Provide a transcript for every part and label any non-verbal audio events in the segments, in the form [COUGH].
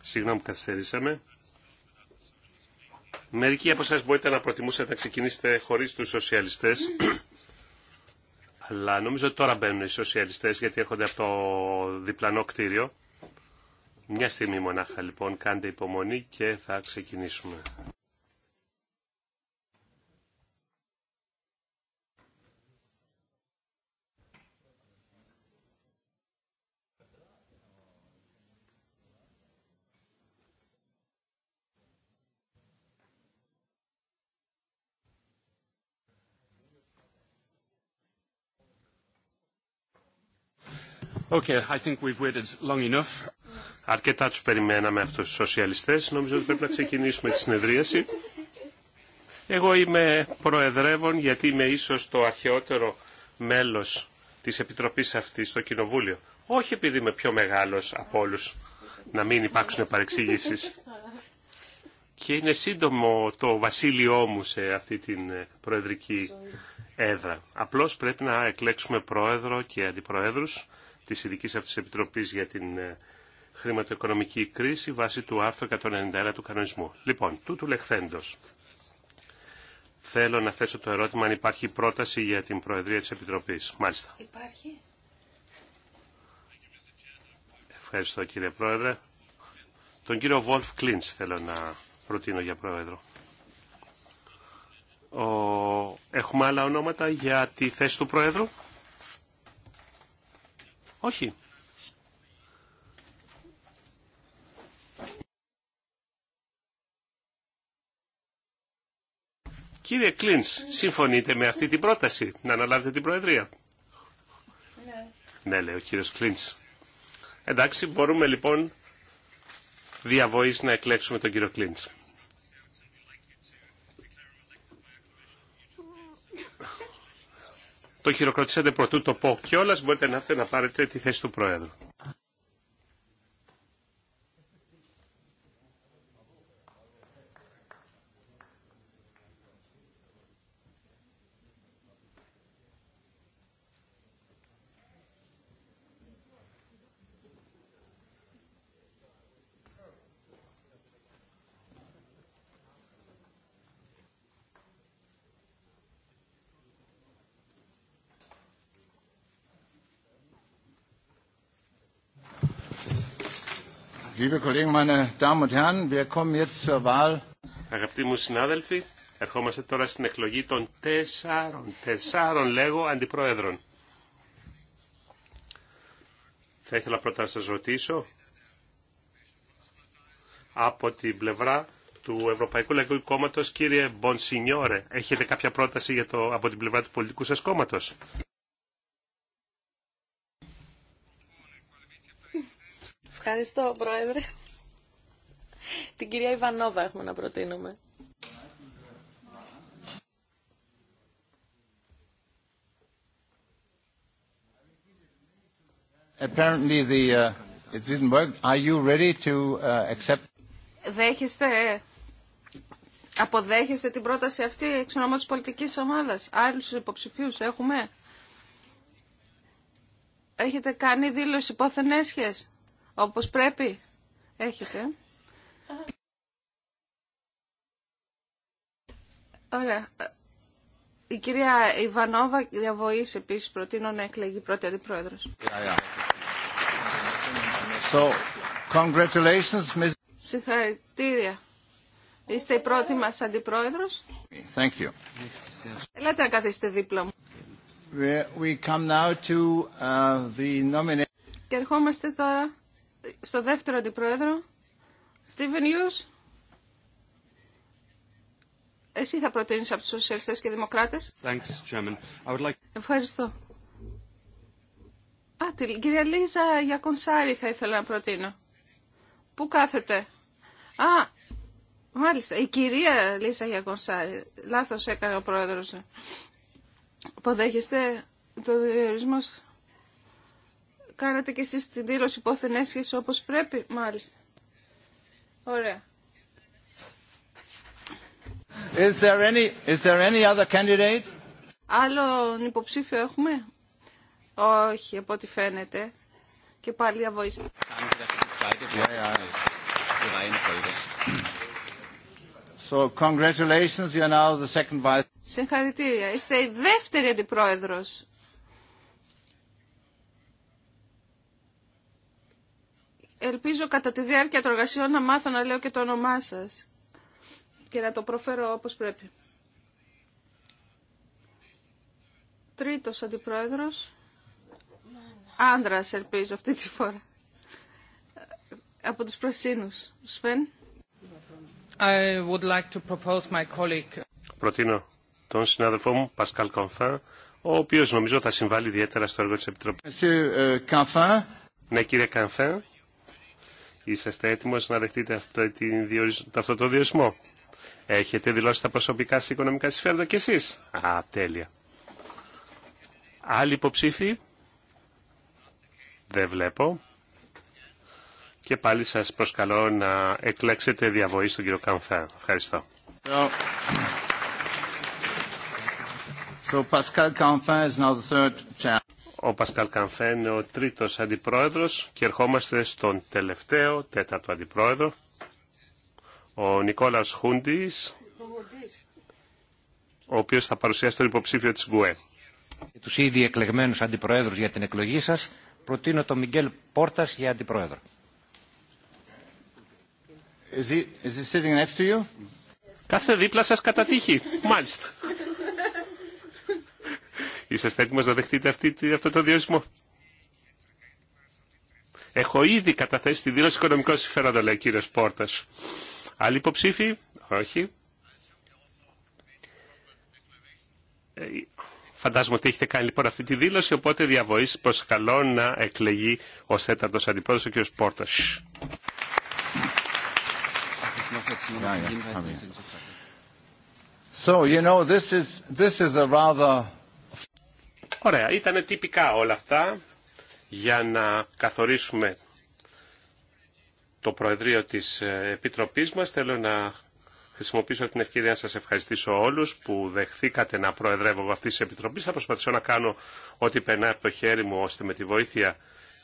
Συγγνώμη που καθυστερήσαμε. Μερικοί από εσά μπορείτε να προτιμούσατε να ξεκινήσετε χωρίς τους σοσιαλιστές. [CLEARS THROAT] Αλλά νομίζω ότι τώρα μπαίνουν οι σοσιαλιστές γιατί έρχονται από το διπλανό κτίριο. Μια στιγμή μονάχα λοιπόν, κάντε υπομονή και θα ξεκινήσουμε. Okay, I think we've waited long enough. Αρκετά τους περιμέναμε αυτούς τους σοσιαλιστές. Νομίζω ότι πρέπει να ξεκινήσουμε τη συνεδρίαση. Εγώ είμαι προεδρεύων γιατί είμαι ίσως το αρχαιότερο μέλος της Επιτροπής αυτής στο Κοινοβούλιο. Όχι επειδή είμαι πιο μεγάλος από όλου να μην υπάρξουν παρεξήγησεις. Και είναι σύντομο το βασίλειό μου σε αυτή την ε, προεδρική έδρα. Απλώς πρέπει να εκλέξουμε πρόεδρο και αντιπροέδρους της ειδικής αυτής επιτροπής για την ε, χρηματοοικονομική κρίση βάσει του άρθρου 191 του κανονισμού. Λοιπόν, τούτου λεχθέντος. Θέλω να θέσω το ερώτημα αν υπάρχει πρόταση για την Προεδρία της Επιτροπής. Μάλιστα. Υπάρχει. Ευχαριστώ κύριε Πρόεδρε. Τον κύριο Βολφ Κλίντς θέλω να προτείνω για Πρόεδρο. Έχουμε άλλα ονόματα για τη θέση του Πρόεδρου. Όχι. Κύριε Κλίντς, συμφωνείτε με αυτή την πρόταση να αναλάβετε την Προεδρία. Ναι. Ναι, λέει ο κύριος Κλίντς. Εντάξει, μπορούμε λοιπόν διαβοής να εκλέξουμε τον κύριο Κλίντς. το χειροκροτήσατε πρωτού το πω κιόλα. μπορείτε να έρθετε να πάρετε τη θέση του Πρόεδρου. Liebe Kollegen, meine Αγαπητοί μου συνάδελφοι, ερχόμαστε τώρα στην εκλογή των τεσσάρων, τέσσερων λέγω, αντιπρόεδρων. Θα ήθελα πρώτα να σας ρωτήσω από την πλευρά του Ευρωπαϊκού Λαϊκού Κόμματος, κύριε Μπονσινιόρε, έχετε κάποια πρόταση για το, από την πλευρά του πολιτικού σας κόμματος. Ευχαριστώ, Πρόεδρε. Την κυρία Ιβανόβα έχουμε να προτείνουμε. Apparently the, uh, it didn't work. Are you ready to uh, accept? Δέχεστε, αποδέχεστε την πρόταση αυτή εξ ονόματο της πολιτικής ομάδας. Άλλους υποψηφίους έχουμε. Έχετε κάνει δήλωση πόθεν όπως πρέπει. Έχετε. Ωραία. Η κυρία Ιβανόβα διαβοής επίσης προτείνω να εκλεγεί πρώτη αντιπρόεδρος. Συγχαρητήρια. Είστε η πρώτη μας αντιπρόεδρος. Ελάτε να καθίσετε δίπλα μου. We come now to, uh, Και ερχόμαστε τώρα στο δεύτερο αντιπρόεδρο, Στίβεν Ιούς. Εσύ θα προτείνεις από τους σοσιαλιστές και δημοκράτες. Ευχαριστώ. Α, την κυρία Λίζα Γιακονσάρη θα ήθελα να προτείνω. Πού κάθεται. Α, μάλιστα, η κυρία Λίζα Γιακονσάρη. Λάθος έκανε ο πρόεδρος. Αποδέχεστε το διορισμό σου. Κάνατε και εσείς την δήλωση υπόθεν έσχεση όπως πρέπει, μάλιστα. Ωραία. Is there any, is there any other candidate? Άλλον υποψήφιο έχουμε? Όχι, από ό,τι φαίνεται. Και πάλι αβοήσει. So, congratulations, you are now the second vice. Συγχαρητήρια. Είστε η δεύτερη αντιπρόεδρος ελπίζω κατά τη διάρκεια των εργασιών να μάθω να λέω και το όνομά σας και να το προφέρω όπως πρέπει. Τρίτος αντιπρόεδρος, άνδρας ελπίζω αυτή τη φορά, από τους Πρασίνους. Σφεν. like colleague. Προτείνω τον συνάδελφό μου, Πασκάλ Κομφά, ο οποίος νομίζω θα συμβάλλει ιδιαίτερα στο έργο της Επιτροπής. Ε, ναι, κύριε Κανφέ. Είσαστε έτοιμος να δεχτείτε αυτό το διορισμό. Έχετε δηλώσει τα προσωπικά σας οικονομικά συμφέροντα κι εσείς. Α, τέλεια. Άλλοι υποψήφοι. Δεν βλέπω. Και πάλι σας προσκαλώ να εκλέξετε διαβοή στον κύριο Καμφέ. Ευχαριστώ. so Pascal Canfin is now the third chair. Ο Πασκάλ Καμφέ είναι ο τρίτος αντιπρόεδρος και ερχόμαστε στον τελευταίο, τέταρτο αντιπρόεδρο. Ο Νικόλαος Χούντις, ο οποίος θα παρουσιάσει τον υποψήφιο της ΓΚΟΕ. Τους ήδη εκλεγμένους αντιπροέδρους για την εκλογή σας, προτείνω τον Μιγγέλ Πόρτας για αντιπρόεδρο. Κάθε δίπλα σας κατά τύχη, μάλιστα. Είσαστε έτοιμος να δεχτείτε αυτή, αυτό το διορισμό. Έχω ήδη καταθέσει τη δήλωση οικονομικών συμφέροντων, λέει ο κύριο Πόρτα. Άλλοι υποψήφοι, όχι. Ε, φαντάζομαι ότι έχετε κάνει λοιπόν αυτή τη δήλωση, οπότε διαβοή καλό να εκλεγεί ω τέταρτο αντιπρόεδρο ο κύριο Πόρτα. So, you know, this is, this is a rather Ωραία, ήταν τυπικά όλα αυτά για να καθορίσουμε το Προεδρείο της ε, Επιτροπής μας. Θέλω να χρησιμοποιήσω την ευκαιρία να σας ευχαριστήσω όλους που δεχθήκατε να προεδρεύω αυτή τη Επιτροπή. Επιτροπή. Θα προσπαθήσω να κάνω ό,τι περνάει από το χέρι μου ώστε με τη βοήθεια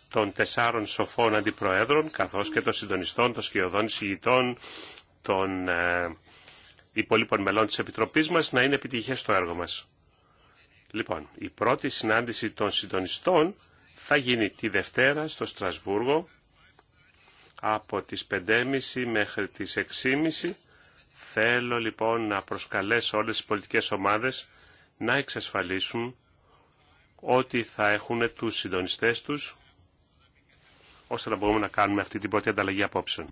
των τεσσάρων σοφών αντιπροέδρων καθώς και των συντονιστών, των σκιωδών συγητών, των ε, υπολείπων μελών της Επιτροπής μας να είναι επιτυχές στο έργο μας. Λοιπόν, η πρώτη συνάντηση των συντονιστών θα γίνει τη Δευτέρα στο Στρασβούργο από τις 5.30 μέχρι τις 6.30. Θέλω λοιπόν να προσκαλέσω όλες τις πολιτικές ομάδες να εξασφαλίσουν ότι θα έχουν τους συντονιστές τους ώστε να μπορούμε να κάνουμε αυτή την πρώτη ανταλλαγή απόψεων.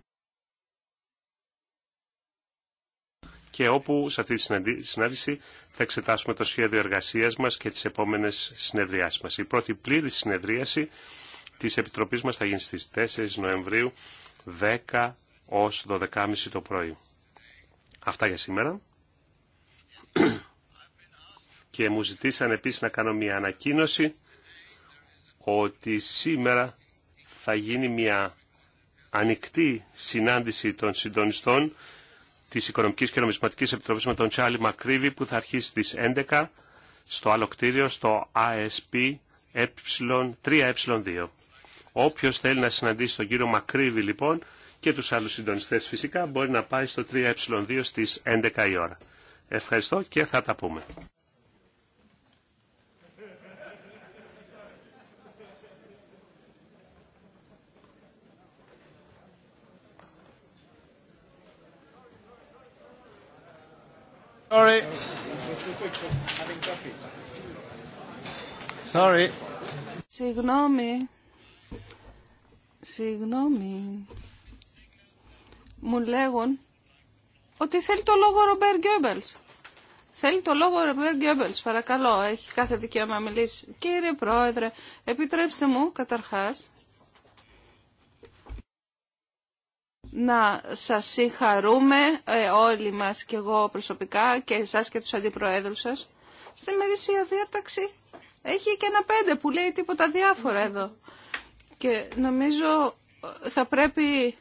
και όπου σε αυτή τη συνάντηση θα εξετάσουμε το σχέδιο εργασίας μας και τις επόμενες συνεδριάσεις μας. Η πρώτη πλήρη συνεδρίαση της Επιτροπής μας θα γίνει στις 4 Νοεμβρίου 10 ως 12.30 το πρωί. Αυτά για σήμερα. [CLEARS THROAT] και μου ζητήσαν επίσης να κάνω μια ανακοίνωση ότι σήμερα θα γίνει μια ανοιχτή συνάντηση των συντονιστών της Οικονομικής και Νομισματικής Επιτροπής με τον Τσάλι Μακρύβη που θα αρχίσει στις 11 στο άλλο κτίριο, στο ASP 3Ε2. Ε ε Όποιος θέλει να συναντήσει τον κύριο Μακρύβη λοιπόν και τους άλλους συντονιστές φυσικά μπορεί να πάει στο 3Ε2 στις 11 η ώρα. Ευχαριστώ και θα τα πούμε. Sorry. Sorry. Συγγνώμη. Συγγνώμη. Μου λέγουν ότι θέλει το λόγο Ρομπέρ Γκέμπελς. Θέλει το λόγο Ρομπέρ Γκέμπελς, παρακαλώ. Έχει κάθε δικαίωμα να μιλήσει. Κύριε Πρόεδρε, επιτρέψτε μου καταρχάς να σας συγχαρούμε ε, όλοι μας και εγώ προσωπικά και εσάς και τους αντιπροέδρους σας. Στην μερίσια διάταξη έχει και ένα πέντε που λέει τίποτα διάφορα εδώ. Και νομίζω ε, θα πρέπει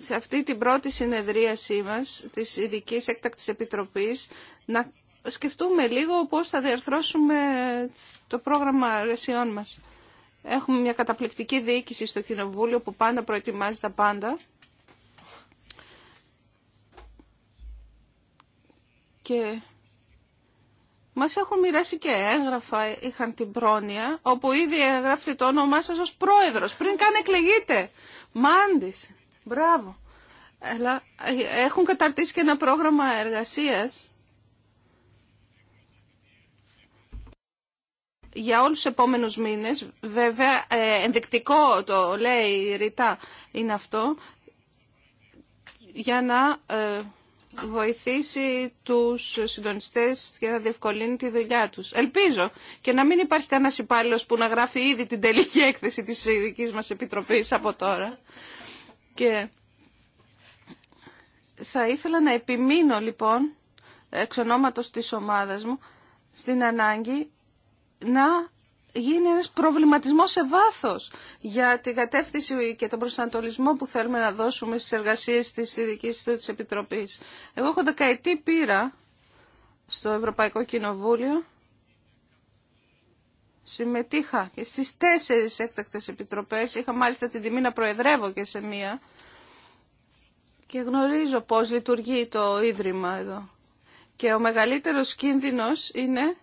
σε αυτή την πρώτη συνεδρίασή μας της ειδική Έκτακτης Επιτροπής να σκεφτούμε λίγο πώς θα διαρθρώσουμε το πρόγραμμα εργασιών μας. Έχουμε μια καταπληκτική διοίκηση στο Κοινοβούλιο που πάντα προετοιμάζει τα πάντα και μας έχουν μοιράσει και έγγραφα, είχαν την πρόνοια, όπου ήδη έγραφε το όνομά σας ως πρόεδρος, πριν καν εκλεγείτε. Μάντης, μπράβο. Αλλά ε, έχουν καταρτήσει και ένα πρόγραμμα εργασίας για όλους τους επόμενους μήνες. Βέβαια, ε, ενδεικτικό το λέει η ρητά είναι αυτό, για να ε, βοηθήσει τους συντονιστές και να διευκολύνει τη δουλειά τους. Ελπίζω και να μην υπάρχει κανένας υπάλληλο που να γράφει ήδη την τελική έκθεση της ειδική μας Επιτροπής από τώρα. Και θα ήθελα να επιμείνω λοιπόν εξ ονόματος της ομάδας μου στην ανάγκη να γίνει ένας προβληματισμός σε βάθος για την κατεύθυνση και τον προσανατολισμό που θέλουμε να δώσουμε στις εργασίες της ειδικής του Επιτροπής. Εγώ έχω δεκαετή πείρα στο Ευρωπαϊκό Κοινοβούλιο. Συμμετείχα και στις τέσσερις έκτακτες επιτροπές. Είχα μάλιστα την τιμή να προεδρεύω και σε μία. Και γνωρίζω πώς λειτουργεί το Ίδρυμα εδώ. Και ο μεγαλύτερος κίνδυνος είναι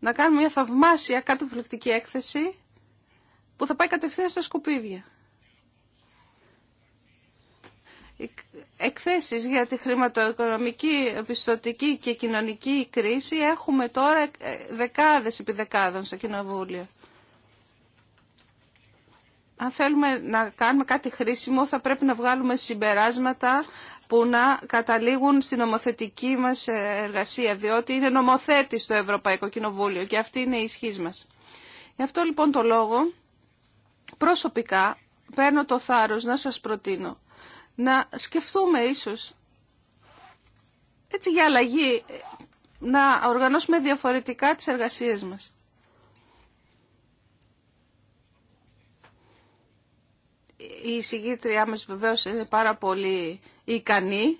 να κάνουμε μια θαυμάσια καταπληκτική έκθεση που θα πάει κατευθείαν στα σκουπίδια. Εκθέσεις για τη χρηματοοικονομική, πιστοτική και κοινωνική κρίση έχουμε τώρα δεκάδες επί δεκάδων στα κοινοβούλια. Αν θέλουμε να κάνουμε κάτι χρήσιμο θα πρέπει να βγάλουμε συμπεράσματα που να καταλήγουν στην νομοθετική μας εργασία, διότι είναι νομοθέτη το Ευρωπαϊκό Κοινοβούλιο και αυτή είναι η ισχύς μας. Γι' αυτό λοιπόν το λόγο προσωπικά παίρνω το θάρρος να σας προτείνω να σκεφτούμε ίσως έτσι για αλλαγή να οργανώσουμε διαφορετικά τις εργασίες μας. η συγκήτριά μας βεβαίως είναι πάρα πολύ ικανή.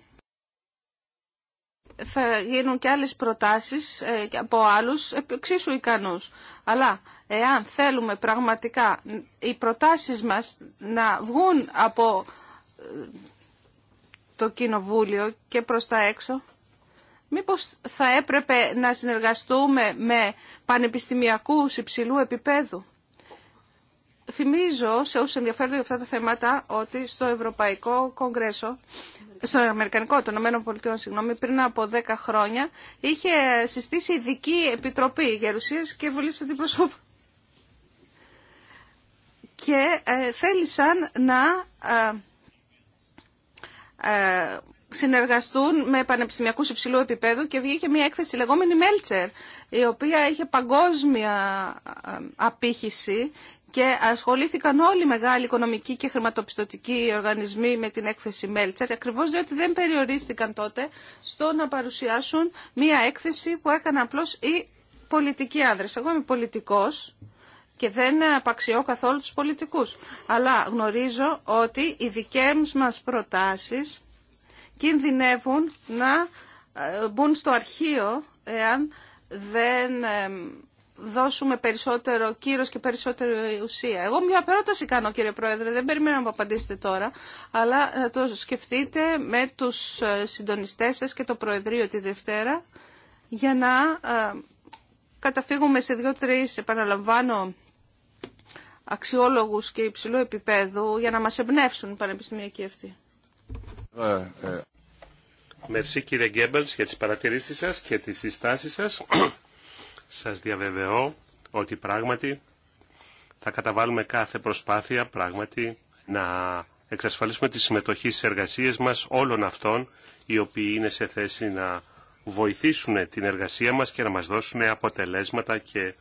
Θα γίνουν και άλλες προτάσεις ε, από άλλους εξίσου ικανούς. Αλλά εάν θέλουμε πραγματικά οι προτάσεις μας να βγουν από ε, το κοινοβούλιο και προς τα έξω, μήπως θα έπρεπε να συνεργαστούμε με πανεπιστημιακούς υψηλού επίπεδου Θυμίζω σε όσους ενδιαφέρονται για αυτά τα θέματα ότι στο Ευρωπαϊκό Κογκρέσο, στο Αμερικανικό των Ηνωμένων συγγνώμη, πριν από 10 χρόνια, είχε συστήσει ειδική επιτροπή γερουσίας και την αντιπροσώπου. Και ε, θέλησαν να ε, ε, συνεργαστούν με πανεπιστημιακούς υψηλού επίπεδου και βγήκε μια έκθεση λεγόμενη Μέλτσερ, η οποία είχε παγκόσμια απήχηση και ασχολήθηκαν όλοι οι μεγάλοι οικονομικοί και χρηματοπιστωτικοί οργανισμοί με την έκθεση Μέλτσερ, ακριβώς διότι δεν περιορίστηκαν τότε στο να παρουσιάσουν μία έκθεση που έκανε απλώς οι πολιτικοί άνδρες. Εγώ είμαι πολιτικός και δεν απαξιώ καθόλου τους πολιτικούς, αλλά γνωρίζω ότι οι δικές μας προτάσεις κινδυνεύουν να ε, μπουν στο αρχείο εάν δεν ε, δώσουμε περισσότερο κύρος και περισσότερη ουσία. Εγώ μια πρόταση κάνω κύριε Πρόεδρε, δεν περιμένω να μου απαντήσετε τώρα, αλλά να το σκεφτείτε με τους ε, συντονιστέ σα και το Προεδρείο τη Δευτέρα για να ε, καταφύγουμε σε δυο τρει επαναλαμβάνω, αξιόλογους και υψηλού επίπεδου για να μας εμπνεύσουν οι πανεπιστημιακοί αυτοί. Μερσή ε. κύριε Γκέμπελς για τις παρατηρήσεις σας και τις συστάσεις σας. Σας διαβεβαιώ ότι πράγματι θα καταβάλουμε κάθε προσπάθεια πράγματι να εξασφαλίσουμε τη συμμετοχή στις εργασίες μας όλων αυτών οι οποίοι είναι σε θέση να βοηθήσουν την εργασία μας και να μας δώσουν αποτελέσματα και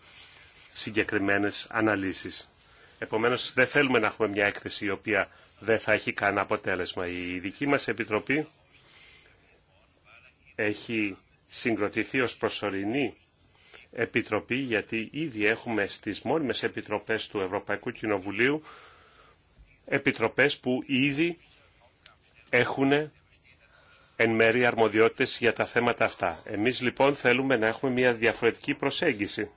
συγκεκριμένες αναλύσεις. Επομένως δεν θέλουμε να έχουμε μια έκθεση η οποία δεν θα έχει καν αποτέλεσμα. Η δική μας Επιτροπή έχει συγκροτηθεί ως προσωρινή Επιτροπή, γιατί ήδη έχουμε στις μόνιμες επιτροπές του Ευρωπαϊκού Κοινοβουλίου επιτροπές που ήδη έχουν εν μέρει αρμοδιότητες για τα θέματα αυτά. Εμείς λοιπόν θέλουμε να έχουμε μια διαφορετική προσέγγιση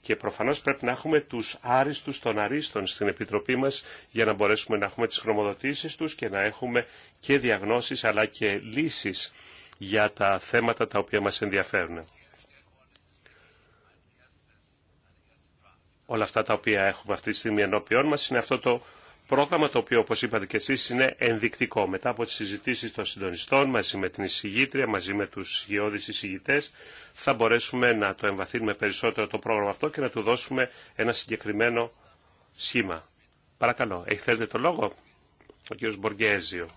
και προφανώς πρέπει να έχουμε τους άριστους των αρίστων στην Επιτροπή μας για να μπορέσουμε να έχουμε τις χρωμοδοτήσεις τους και να έχουμε και διαγνώσεις αλλά και λύσεις για τα θέματα τα οποία μας ενδιαφέρουν. όλα αυτά τα οποία έχουμε αυτή τη στιγμή ενώπιόν μας είναι αυτό το πρόγραμμα το οποίο όπως είπατε και εσείς είναι ενδεικτικό. Μετά από τις συζητήσεις των συντονιστών μαζί με την εισηγήτρια, μαζί με τους γεώδεις εισηγητές θα μπορέσουμε να το εμβαθύνουμε περισσότερο το πρόγραμμα αυτό και να του δώσουμε ένα συγκεκριμένο σχήμα. Παρακαλώ, έχει θέλετε το λόγο ο κύριος Μποργέζιο.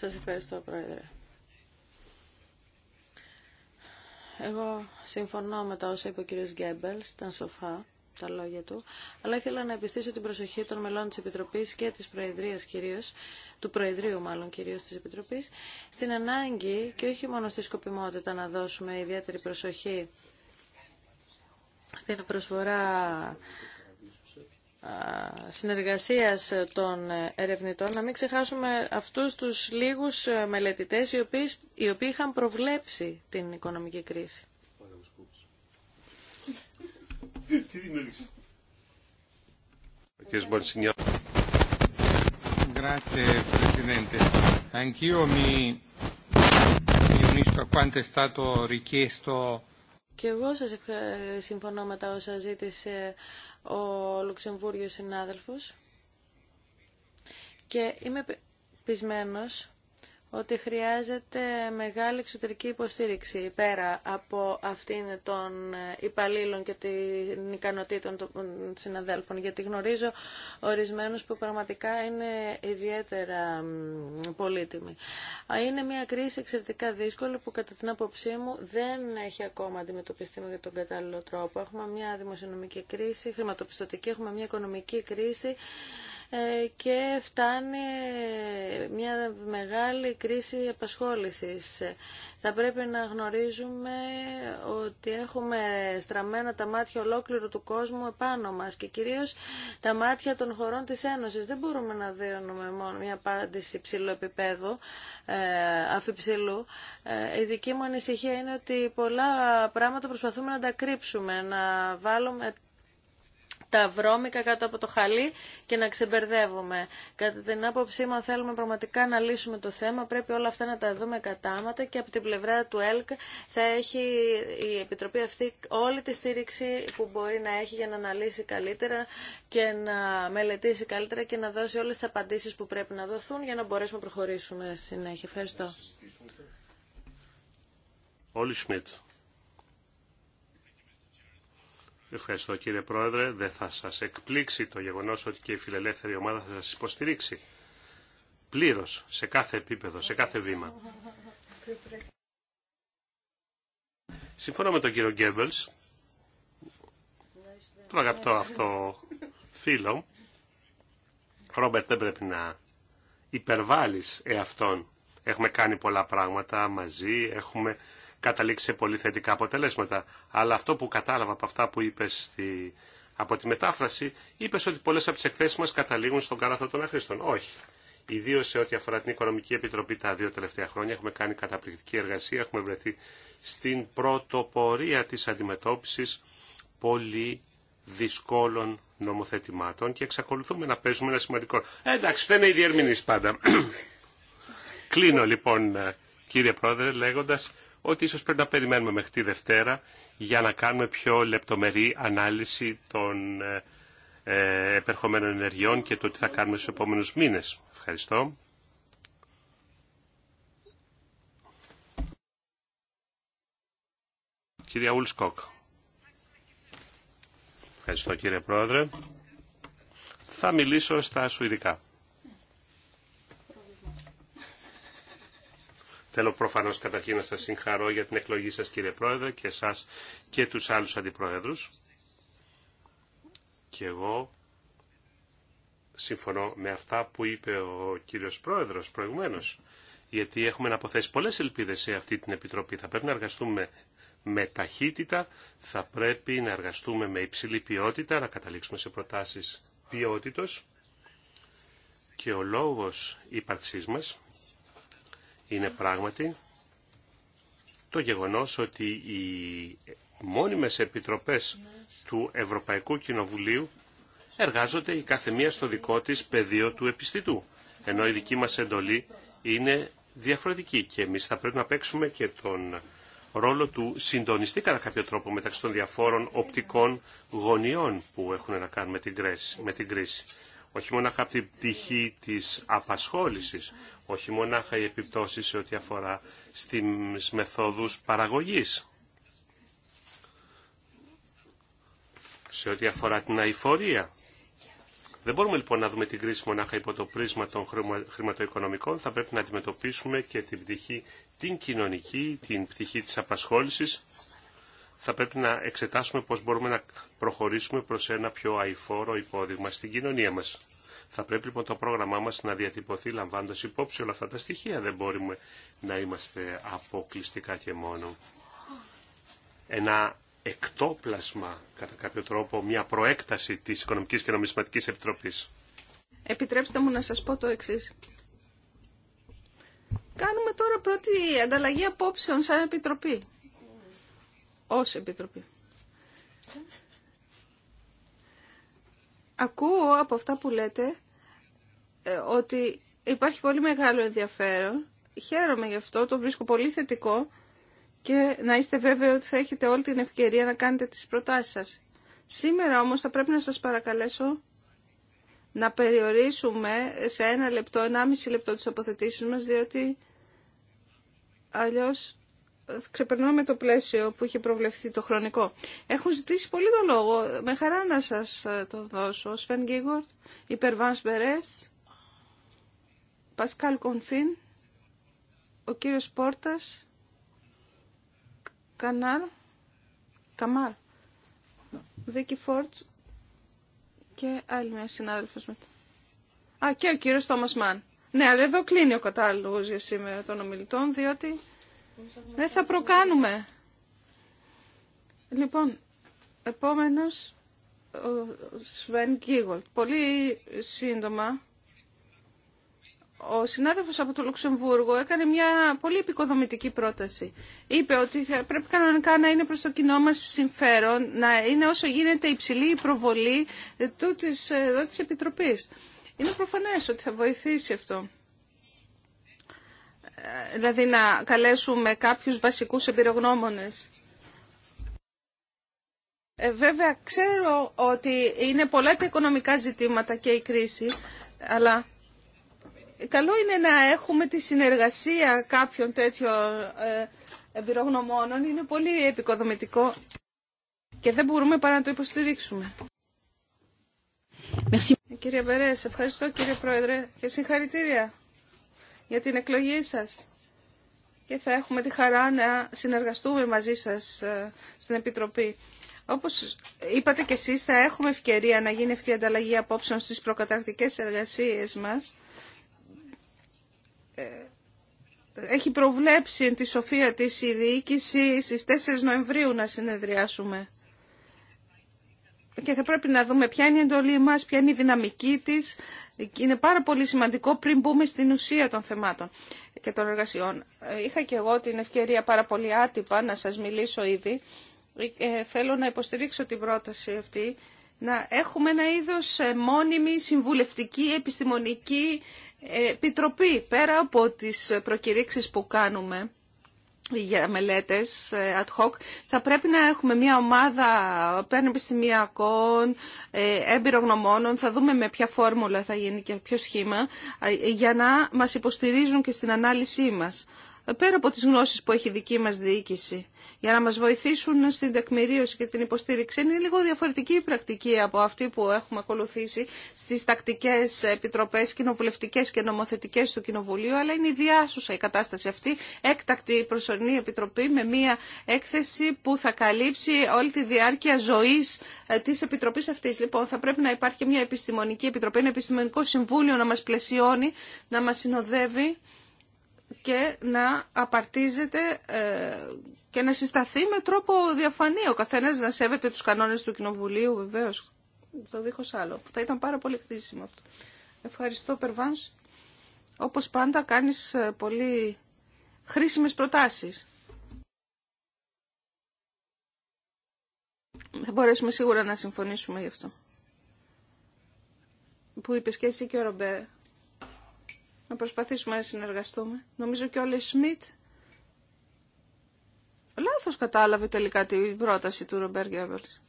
Σας ευχαριστώ πρόεδρε. Εγώ συμφωνώ με τα όσα είπε ο κ. Γκέμπελς, ήταν σοφά τα λόγια του, αλλά ήθελα να επιστήσω την προσοχή των μελών της Επιτροπής και της Προεδρίας κυρίως, του Προεδρίου μάλλον κυρίως της Επιτροπής, στην ανάγκη και όχι μόνο στη σκοπιμότητα να δώσουμε ιδιαίτερη προσοχή στην προσφορά συνεργασίας των ερευνητών, να μην ξεχάσουμε αυτούς τους λίγους μελετητές οι οποίοι, οι οποίοι είχαν προβλέψει την οικονομική κρίση. Τι και εγώ σας συμφωνώ με τα όσα ζήτησε ο Λουξεμβούργιος συνάδελφος και είμαι πεισμένος ότι χρειάζεται μεγάλη εξωτερική υποστήριξη πέρα από αυτήν των υπαλλήλων και των ικανοτήτων των συναδέλφων, γιατί γνωρίζω ορισμένους που πραγματικά είναι ιδιαίτερα πολύτιμοι. Είναι μια κρίση εξαιρετικά δύσκολη που κατά την άποψή μου δεν έχει ακόμα αντιμετωπιστεί με τον κατάλληλο τρόπο. Έχουμε μια δημοσιονομική κρίση, χρηματοπιστωτική, έχουμε μια οικονομική κρίση. Ε, και φτάνει μια μεγάλη κρίση απασχόλησης. Θα πρέπει να γνωρίζουμε ότι έχουμε στραμμένα τα μάτια ολόκληρου του κόσμου επάνω μας και κυρίως τα μάτια των χωρών της Ένωσης. Δεν μπορούμε να δίνουμε μόνο μια απάντηση ψηλού επίπεδου, ε, αφιψηλού. Ε, η δική μου ανησυχία είναι ότι πολλά πράγματα προσπαθούμε να τα κρύψουμε, να βάλουμε τα βρώμικα κάτω από το χαλί και να ξεμπερδεύουμε. Κατά την άποψή μου, αν θέλουμε πραγματικά να λύσουμε το θέμα, πρέπει όλα αυτά να τα δούμε κατάματα και από την πλευρά του ΕΛΚ θα έχει η Επιτροπή αυτή όλη τη στήριξη που μπορεί να έχει για να αναλύσει καλύτερα και να μελετήσει καλύτερα και να δώσει όλες τις απαντήσεις που πρέπει να δοθούν για να μπορέσουμε να προχωρήσουμε συνέχεια. Ευχαριστώ. Όλοι Ευχαριστώ κύριε Πρόεδρε. Δεν θα σας εκπλήξει το γεγονός ότι και η φιλελεύθερη ομάδα θα σας υποστηρίξει πλήρως σε κάθε επίπεδο, σε κάθε βήμα. Συμφωνώ με τον κύριο Γκέμπελς, τον αγαπητό αυτό φίλο. Ρόμπερτ δεν πρέπει να υπερβάλλεις εαυτόν. Έχουμε κάνει πολλά πράγματα μαζί, έχουμε καταλήξει σε πολύ θετικά αποτελέσματα. Αλλά αυτό που κατάλαβα από αυτά που είπε στη... από τη μετάφραση, είπε ότι πολλέ από τι εκθέσει μα καταλήγουν στον καράθο των αχρήστων. Όχι. Ιδίω σε ό,τι αφορά την Οικονομική Επιτροπή τα δύο τελευταία χρόνια έχουμε κάνει καταπληκτική εργασία, έχουμε βρεθεί στην πρωτοπορία τη αντιμετώπιση πολύ δυσκόλων νομοθετημάτων και εξακολουθούμε να παίζουμε ένα σημαντικό. Ε, εντάξει, φταίνε οι διερμηνεί πάντα. [CLEARS THROAT] Κλείνω λοιπόν, ε, κύριε Πρόεδρε, λέγοντα ότι ίσως πρέπει να περιμένουμε μέχρι τη Δευτέρα για να κάνουμε πιο λεπτομερή ανάλυση των ε, ε, επερχομένων ενεργειών και το τι θα κάνουμε στους επόμενους μήνες. Ευχαριστώ. Κυρία Ουλσκοκ. Ευχαριστώ κύριε Πρόεδρε. Θα μιλήσω στα Σουηδικά. Θέλω προφανώς καταρχήν να σας συγχαρώ για την εκλογή σας κύριε Πρόεδρε και εσάς και τους άλλους αντιπροέδρους. Και εγώ συμφωνώ με αυτά που είπε ο κύριος Πρόεδρος προηγουμένως. Γιατί έχουμε να αποθέσει πολλές ελπίδες σε αυτή την Επιτροπή. Θα πρέπει να εργαστούμε με ταχύτητα, θα πρέπει να εργαστούμε με υψηλή ποιότητα, να καταλήξουμε σε προτάσεις ποιότητος. Και ο λόγος ύπαρξής μας είναι πράγματι το γεγονός ότι οι μόνιμες επιτροπές του Ευρωπαϊκού Κοινοβουλίου εργάζονται η κάθε μία στο δικό της πεδίο του επιστητού. Ενώ η δική μας εντολή είναι διαφορετική και εμείς θα πρέπει να παίξουμε και τον ρόλο του συντονιστή κατά κάποιο τρόπο μεταξύ των διαφόρων οπτικών γωνιών που έχουν να κάνουν με την κρίση. Όχι μόνο από την πτυχή της απασχόλησης, όχι μονάχα οι επιπτώσεις σε ό,τι αφορά στις μεθόδους παραγωγής. Σε ό,τι αφορά την αηφορία. Δεν μπορούμε λοιπόν να δούμε την κρίση μονάχα υπό το πρίσμα των χρηματοοικονομικών. Θα πρέπει να αντιμετωπίσουμε και την πτυχή την κοινωνική, την πτυχή της απασχόλησης. Θα πρέπει να εξετάσουμε πώς μπορούμε να προχωρήσουμε προς ένα πιο αηφόρο υπόδειγμα στην κοινωνία μας. Θα πρέπει λοιπόν το πρόγραμμά μας να διατυπωθεί λαμβάνοντας υπόψη όλα αυτά τα στοιχεία. Δεν μπορούμε να είμαστε αποκλειστικά και μόνο. Ένα εκτόπλασμα, κατά κάποιο τρόπο, μια προέκταση της Οικονομικής και Νομισματικής Επιτροπής. Επιτρέψτε μου να σας πω το εξή. Κάνουμε τώρα πρώτη ανταλλαγή απόψεων σαν Επιτροπή. Ως Επιτροπή. Ακούω από αυτά που λέτε ε, ότι υπάρχει πολύ μεγάλο ενδιαφέρον. Χαίρομαι γι' αυτό, το βρίσκω πολύ θετικό και να είστε βέβαιοι ότι θα έχετε όλη την ευκαιρία να κάνετε τις προτάσεις σας. Σήμερα όμως θα πρέπει να σας παρακαλέσω να περιορίσουμε σε ένα λεπτό, ενάμιση λεπτό τις αποθετήσεις μας, διότι αλλιώς ξεπερνάμε το πλαίσιο που είχε προβλεφθεί το χρονικό. Έχουν ζητήσει πολύ το λόγο. Με χαρά να σας ε, το δώσω. Σφεν Γκίγορτ, Υπερβάνς Πασκάλ Κονφίν, ο κύριος Πόρτας, Κανάρ, Καμάρ, Βίκη Φόρτς και άλλη μια συνάδελφος μετά. Α, και ο κύριος Τόμας Μάν. Ναι, αλλά εδώ κλείνει ο κατάλογος για σήμερα των ομιλητών, διότι δεν θα προκάνουμε. Λοιπόν, επόμενος ο Σβέν Γκίγολτ. Πολύ σύντομα ο συνάδελφος από το Λουξεμβούργο έκανε μια πολύ επικοδομητική πρόταση. Είπε ότι πρέπει κανονικά να είναι προς το κοινό μας συμφέρον, να είναι όσο γίνεται υψηλή η προβολή του της, εδώ Επιτροπής. Είναι προφανές ότι θα βοηθήσει αυτό. Ε, δηλαδή να καλέσουμε κάποιους βασικούς εμπειρογνώμονες. Ε, βέβαια, ξέρω ότι είναι πολλά τα οικονομικά ζητήματα και η κρίση, αλλά καλό είναι να έχουμε τη συνεργασία κάποιων τέτοιων ε, εμπειρογνωμόνων. Είναι πολύ επικοδομητικό και δεν μπορούμε παρά να το υποστηρίξουμε. Merci. Ε, κύριε Μπερές, ευχαριστώ κύριε Πρόεδρε και συγχαρητήρια για την εκλογή σας. Και θα έχουμε τη χαρά να συνεργαστούμε μαζί σας ε, στην Επιτροπή. Όπως είπατε και εσείς, θα έχουμε ευκαιρία να γίνει αυτή η ανταλλαγή απόψεων στις προκαταρκτικές εργασίες μας ε, έχει προβλέψει τη σοφία της η διοίκηση στις 4 Νοεμβρίου να συνεδριάσουμε. Και θα πρέπει να δούμε ποια είναι η εντολή μας, ποια είναι η δυναμική της. Είναι πάρα πολύ σημαντικό πριν μπούμε στην ουσία των θεμάτων και των εργασιών. Ε, είχα και εγώ την ευκαιρία πάρα πολύ άτυπα να σας μιλήσω ήδη. Ε, θέλω να υποστηρίξω την πρόταση αυτή να έχουμε ένα είδος μόνιμη συμβουλευτική επιστημονική επιτροπή, πέρα από τις προκηρύξεις που κάνουμε για μελέτες ε, ad hoc, θα πρέπει να έχουμε μια ομάδα πανεπιστημιακών, ε, εμπειρογνωμόνων, θα δούμε με ποια φόρμουλα θα γίνει και ποιο σχήμα, ε, για να μας υποστηρίζουν και στην ανάλυση μας πέρα από τις γνώσεις που έχει δική μας διοίκηση, για να μας βοηθήσουν στην τεκμηρίωση και την υποστήριξη. Είναι λίγο διαφορετική η πρακτική από αυτή που έχουμε ακολουθήσει στις τακτικές επιτροπές κοινοβουλευτικές και νομοθετικές του Κοινοβουλίου, αλλά είναι η η κατάσταση αυτή, έκτακτη προσωρινή επιτροπή με μία έκθεση που θα καλύψει όλη τη διάρκεια ζωής ε, της επιτροπής αυτής. Λοιπόν, θα πρέπει να υπάρχει μια επιστημονική επιτροπή, ένα επιστημονικό συμβούλιο να μας πλαισιώνει, να μας συνοδεύει και να απαρτίζεται ε, και να συσταθεί με τρόπο διαφανή. Ο καθένας να σέβεται τους κανόνες του Κοινοβουλίου βεβαίως. Το δίχως άλλο. Θα ήταν πάρα πολύ χρήσιμο αυτό. Ευχαριστώ Περβάνς. Όπως πάντα κάνεις ε, πολύ χρήσιμες προτάσεις. Θα μπορέσουμε σίγουρα να συμφωνήσουμε γι' αυτό. Που είπες και εσύ και ο Ρομπέρ να προσπαθήσουμε να συνεργαστούμε. Νομίζω και όλοι Σμιτ λάθος κατάλαβε τελικά την πρόταση του Ρομπέρ Γκέμπελς.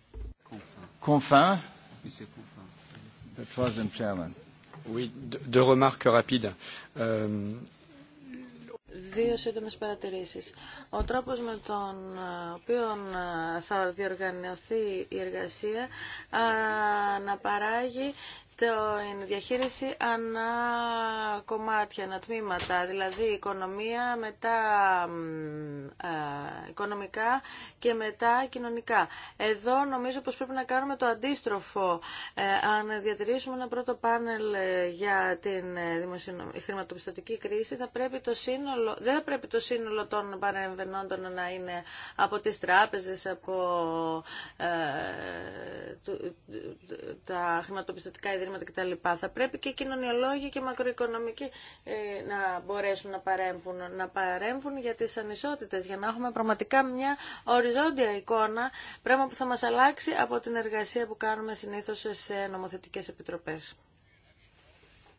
Ε, δύο σύντομε παρατηρήσει. Ο τρόπο με τον ε, οποίο ε, θα διοργανωθεί η εργασία να παράγει την διαχείριση ανά κομμάτια, ανά τμήματα, δηλαδή οικονομία, μετά οικονομικά και μετά κοινωνικά. Εδώ νομίζω πως πρέπει να κάνουμε το αντίστροφο. Ε, αν διατηρήσουμε ένα πρώτο πάνελ ε, για την ε, χρηματοπιστωτική κρίση, θα πρέπει το σύνολο, δεν θα πρέπει το σύνολο των παρεμβενόντων να είναι από τις τράπεζες, από τα χρηματοπιστωτικά ιδρύματα, ιδρύματα κτλ. Θα πρέπει και οι κοινωνιολόγοι και μακροοικονομικοί ε, να μπορέσουν να παρέμβουν, να παρέμβουν για τις ανισότητες, για να έχουμε πραγματικά μια οριζόντια εικόνα, πράγμα που θα μας αλλάξει από την εργασία που κάνουμε συνήθως σε νομοθετικές επιτροπές.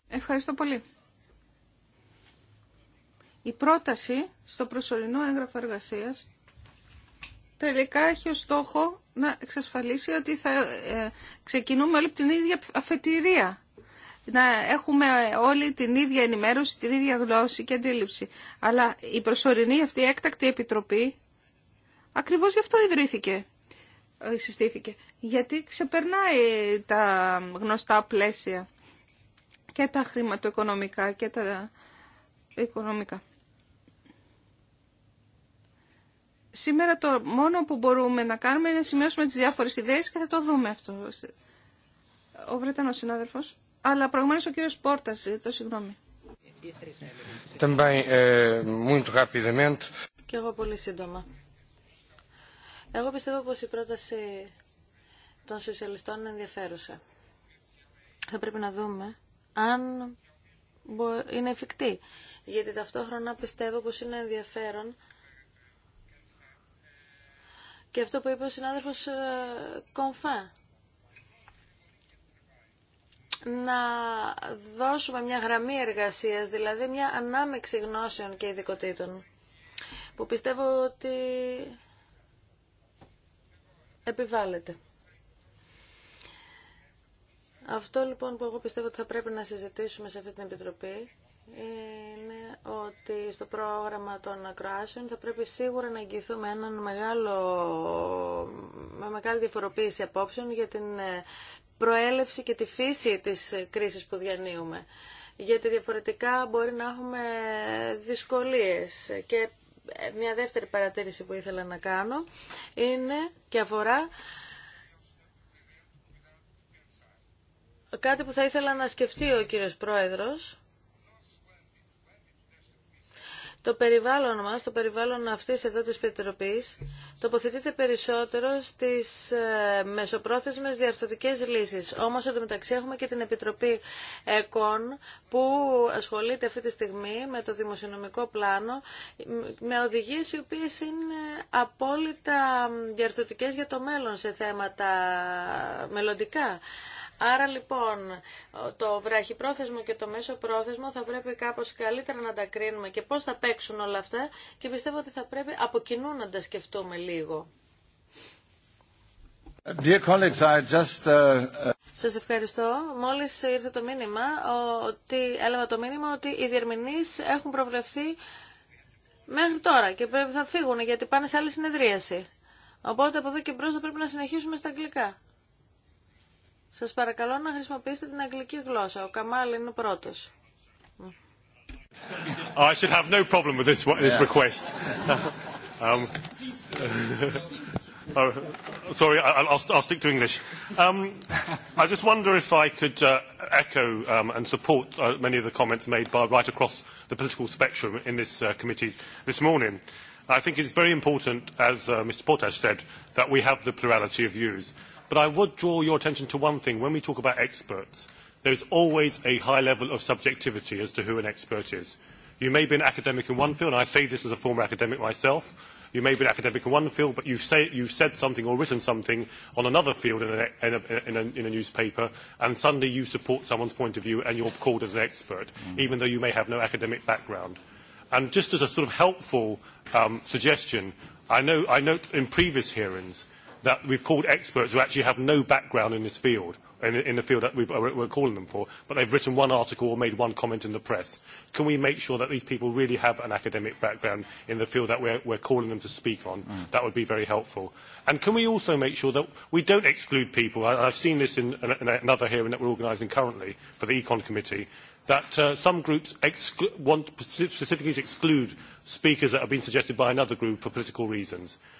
Ευχαριστώ πολύ. Η πρόταση στο προσωρινό έγγραφο εργασίας τελικά έχει ως στόχο να εξασφαλίσει ότι θα ε, ξεκινούμε όλοι από την ίδια αφετηρία. Να έχουμε όλοι την ίδια ενημέρωση, την ίδια γλώσση και αντίληψη. Αλλά η προσωρινή αυτή η έκτακτη επιτροπή ακριβώς γι' αυτό ιδρύθηκε, ε, συστήθηκε. Γιατί ξεπερνάει τα γνωστά πλαίσια και τα χρηματοοικονομικά και τα οικονομικά. Σήμερα το μόνο που μπορούμε να κάνουμε είναι να σημειώσουμε τις διάφορες ιδέες και θα το δούμε αυτό. Ο Βρετανός συνάδελφος. Αλλά προηγουμένως ο κύριος Πόρτας, το συγγνώμη. Ε, και εγώ πολύ σύντομα. Εγώ πιστεύω πως η πρόταση των σοσιαλιστών είναι ενδιαφέρουσα. Θα πρέπει να δούμε αν είναι εφικτή. Γιατί ταυτόχρονα πιστεύω πως είναι ενδιαφέρον και αυτό που είπε ο συνάδελφος ε, Κομφά. Να δώσουμε μια γραμμή εργασίας, δηλαδή μια ανάμεξη γνώσεων και ειδικοτήτων, που πιστεύω ότι επιβάλλεται. Αυτό λοιπόν που εγώ πιστεύω ότι θα πρέπει να συζητήσουμε σε αυτή την Επιτροπή είναι ότι στο πρόγραμμα των ακροάσεων θα πρέπει σίγουρα να εγγυηθούμε έναν μεγάλο, με μεγάλη διαφοροποίηση απόψεων για την ε, προέλευση και τη φύση της κρίσης που διανύουμε. Γιατί διαφορετικά μπορεί να έχουμε δυσκολίες. Και ε, μια δεύτερη παρατήρηση που ήθελα να κάνω είναι και αφορά κάτι που θα ήθελα να σκεφτεί ο κύριος Πρόεδρος το περιβάλλον μας, το περιβάλλον αυτής εδώ της Επιτροπής, τοποθετείται περισσότερο στις ε, μεσοπρόθεσμες διαρθωτικές λύσεις. Όμως, μεταξύ, έχουμε και την Επιτροπή ΕΚΟΝ, που ασχολείται αυτή τη στιγμή με το δημοσιονομικό πλάνο, με οδηγίες οι οποίες είναι απόλυτα διαρθωτικές για το μέλλον σε θέματα μελλοντικά. Άρα λοιπόν το βραχυπρόθεσμο και το μέσο πρόθεσμο θα πρέπει κάπως καλύτερα να τα κρίνουμε και πώς θα παίξουν όλα αυτά και πιστεύω ότι θα πρέπει από κοινού να τα σκεφτούμε λίγο. Dear uh, uh, Σας ευχαριστώ. Μόλις ήρθε το μήνυμα ότι, έλαβα το μήνυμα ότι οι διερμηνείς έχουν προβλεφθεί μέχρι τώρα και πρέπει να φύγουν γιατί πάνε σε άλλη συνεδρίαση. Οπότε από εδώ και μπρος θα πρέπει να συνεχίσουμε στα αγγλικά. Σας παρακαλώ να χρησιμοποιήσετε την αγγλική γλώσσα. Ο Καμάλ είναι ο πρώτος. I should have no problem with this, this request. um, sorry, I'll, I'll stick to English. Um, I just wonder if I could uh, echo um, and support uh, many of the comments made by right across the political spectrum in this uh, committee this morning. I think it's very important, as uh, Mr. Portas said, that we have the plurality of views But I would draw your attention to one thing. When we talk about experts, there is always a high level of subjectivity as to who an expert is. You may be an academic in one field, and I say this as a former academic myself. You may be an academic in one field, but you've said something or written something on another field in a newspaper, and suddenly you support someone's point of view and you're called as an expert, even though you may have no academic background. And just as a sort of helpful suggestion, I note in previous hearings that we've called experts who actually have no background in this field, in the field that we're calling them for, but they've written one article or made one comment in the press. Can we make sure that these people really have an academic background in the field that we're calling them to speak on? That would be very helpful. And can we also make sure that we don't exclude people? I've seen this in another hearing that we're organising currently for the Econ Committee, that some groups want specifically to exclude speakers that have been suggested by another group for political reasons.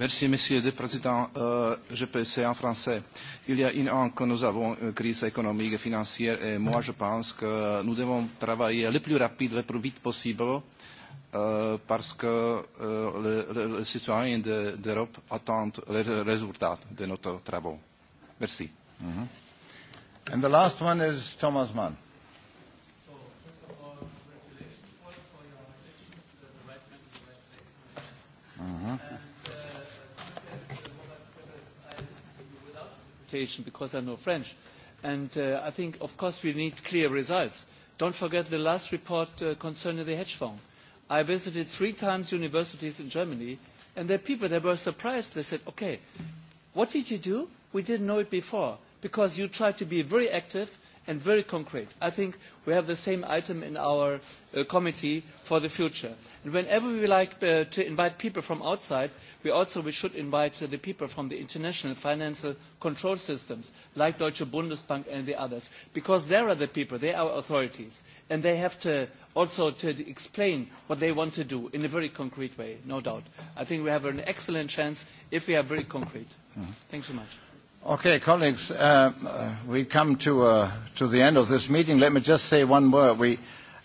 Merci, Monsieur le Président. Je peux essayer en français. Il y a une an que nous avons une crise économique et financière et moi, je pense que nous devons travailler le plus rapide, le plus vite possible parce que les citoyens d'Europe attendent les résultats de notre travail. Merci. And the last one is Thomas Mann. interpretation because I know French. And I think, of course, we need clear results. Don't forget the last report concerning the hedge fund. I visited three times universities in Germany, and the people, they were surprised. They said, okay, what did you do? We didn't know it before because you tried to be very active and very concrete. I think we have the same item in our committee for the future. And whenever we like to invite people from outside, we also should invite the people from the international financial control systems, like Deutsche Bundesbank and the others, because they are the people, they are authorities, and they have to also to explain what they want to do in a very concrete way, no doubt. I think we have an excellent chance if we are very concrete. Thanks so much. Okay, colleagues, we come to to the end of this meeting. Let me just say one word. We,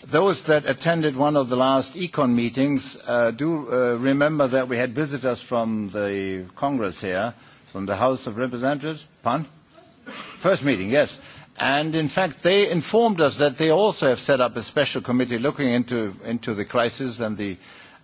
those that attended one of the last Econ meetings, do remember that we had visitors from the Congress here, from the House of Representatives. Pun. First meeting, yes. And in fact, they informed us that they also have set up a special committee looking into into the crisis and the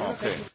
Okay.